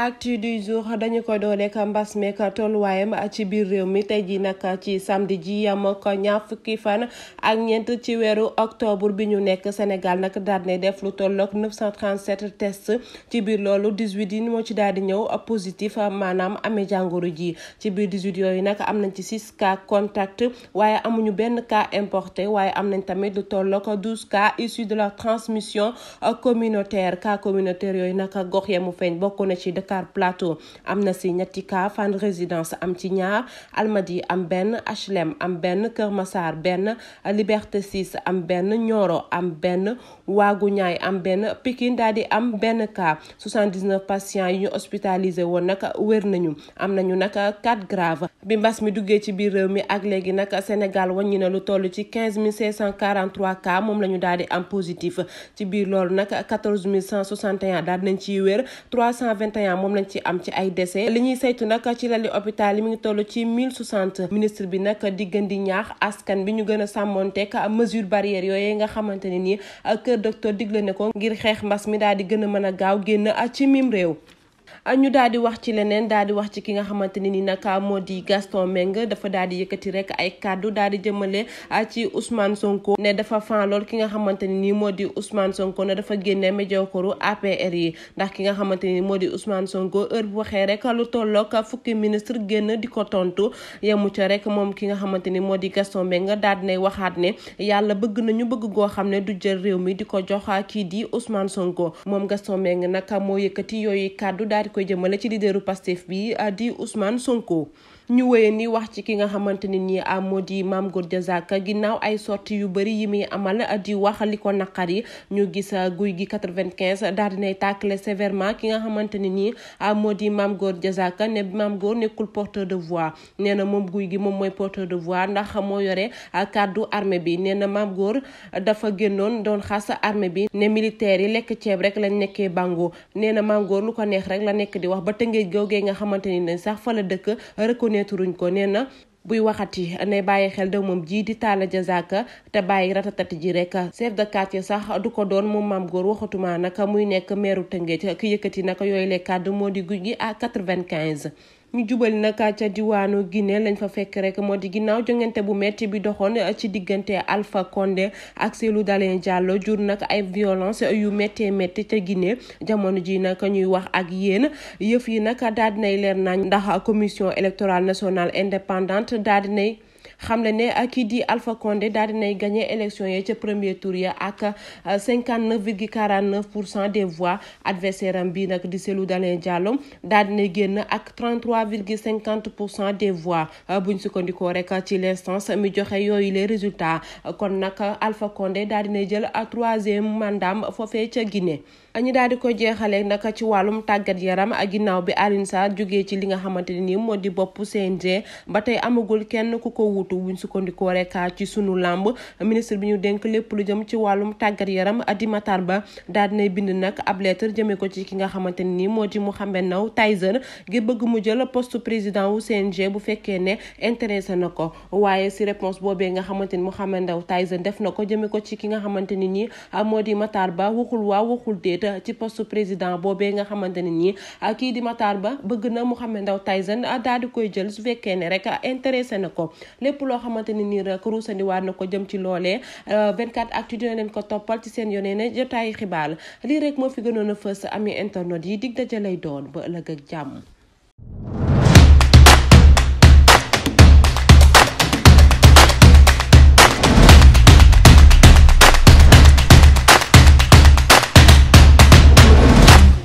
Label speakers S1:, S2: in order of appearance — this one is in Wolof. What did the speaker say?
S1: actu du dañu ko dooleek mbas meek tolluwaayam ci biir réew mi tey ji nag ci samedi ji yam ko ñaar fukki fan ak ñeent ci weeru octobre bi ñu nekk Sénégal nag daal ne def lu tollook 937 tests ci biir loolu 18 yi moo ci daal di ñëw positif maanaam amee jàngoro ji ci biir 18 yooyu nag am nañ ci 6 cas contact waaye amuñu benn cas importé waaye am nañ tamit lu tollook 12 cas issus de la transmission communautaire cas communautaire yooyu nag gox ya mu feeñ bokk na Dakar Plateau am na si ñetti cas fan Résidence am ci ñaar Almadi am benn HLM am benn Kër Massar benn Liberté 6 am benn Nioro am benn Waagu Ñaay am benn Pikine daal am benn cas 79 patients yi ñu hospitalisé woon nag wér nañu am nañu nag quatre grave bi mbas mi duggee ci biir réew mi ak léegi nag Sénégal wàññi na lu toll ci 15 543 cas moom la ñu daal di am positif ci biir loolu nag 14 161 daal nañ ciy wér moom lañ ci am ci ay décès li ñuy saytu nag ci lali hôpital li mu ngi toll ci 1060 ministre bi nag di gën di ñaax askan bi ñu gën a sàmmonteeg mesure barrière yooyu nga xamante ne nii kër docteur digle ne ko ngir xeex mbas mi daal di gën a mën a gaaw génn ci mim réew Ah, ñu daal di wax ci leneen daal di wax ci ki nga xamante ne ni nag ah, moo di Gaston Mbengue dafa daal di yëkkati rek ay kàddu daal di jëmale ah, ci Ousmane Sonko ne dafa fan ki nga xamante ne ni moo di Ousmane Sonko ne dafa génne médiocru APR yi ndax ki nga xamante ni moo di Ousmane Sonko heure bu waxee rek lu tolloog fukki ministre génn di ko tontu yemu ca rek moom ki nga xamante ni moo di Gaston Mbengue daal di nay waxaat ne yàlla bëgg nañu bëgg goo xam ne du jël réew mi di ko jox kii di Ousmane Sonko moo yëkkati yooyu kàddu daal di koy jëmale ci leaderu Pastef bi di Ousmane Sonko. ñu wéye ni wax ci ki nga xamante ne nii ah, moo di Mame Gor Diazaka ginnaaw ay sorti yu bëri yi muy amal ah, di wax li ko naqar yi ñu gis ah, guy gi 95 daal dinay tàkkale sévèrement ki nga xamante ne nii moo di Mame Gor Diazaka ne Mame Gor nekkul porteur de voix nee na moom guy gi moom mooy porteur de voix ndax moo yore kàddu armée bi nee na Mame Gor dafa génnoon doon xas armée bi ne militaires yi lekk ceeb rek lañ nekkee bango nee na Mame Gor lu ko neex rek la nekk di wax ba tëngee googee nga xamante ni sax fa la dëkk reconnaître reconnaîtruñ ko nee na buy waxati ne bàyyi xel da moom jii di taala jazaka te bàyyi ratatati ji rek chef de quartier sax du ko doon moom maam góor waxatuma nag muy nekk meeru Tëngéej ki yëkkati nag yooyu le kàddu moo di guy gi à quatre-vingt-quinze ñu jubali nag ca diwaanu gine lañ fa fekk rek moo di ginnaaw jongante bu metti bi doxoon ci diggante Alpha Condé ak Cellou Dalein Diallo jur nag ay violence yu méttee métti ca Guinée jamono ji nag ñuy wax ak yéen yëf yi nag daal dinay leer nañ ndax commission électorale nationale indépendante daal nay xamle ne kii di Alpha Condé daal dinay gagné élection yi ca premier tour ya ak 59 euh, virgule 49 pour cent des voix adversaire am bi nag di Cellou Dalein Diallo daal dinay génn ak 33 virgule cinquante pour cent des voix euh, buñ sukkandikoo rek ci les l'instance mi joxe yooyu les résultat euh, kon nag Alpha Condé daal nay jël troisième mandaam foofee ca Guinée ñu daal di ko jeexalee nag ci wàllum tàggat yaram ginnaaw bi Alioune Sarr jógee ci li nga xamante nii moo di bopp CNG ba tey amagul kenn ku ko wut yëngatu buñ sukkandikoo rek ah, ci sunu làmb ministre bi ñu dénk lépp lu jëm ci wàllum tàggat yaram di Matar Ba daal nay bind nag ab lettre jëmee ko ci ki nga xamante nii moo di Mouhamed Ndao Tyson ngir bëgg mu jël poste président wu CNG bu fekkee ne intéressé na ko waaye si boobee nga xamante ni Mouhamed Ndao Tyson def na ko jëmee ko ci ki nga xamante ni nii ah, moo di Matar Ba waxul waaw waxul déet ah, ci post président boobee nga xamante ni nii kii di Matar Ba bëgg na Mouhamed Ndao Tyson daal di koy jël su fekkee ne rek intéressé na ko lépp lépp loo xamante ni nii rek ruusandi waat na ko jëm ci loolee 24 euh, actu dina leen ko toppal ci seen yonee ne jotaay xibaal lii rek moo fi gënoon a fës ami internet yi dig daja lay doon ba ëllëg ak jàmm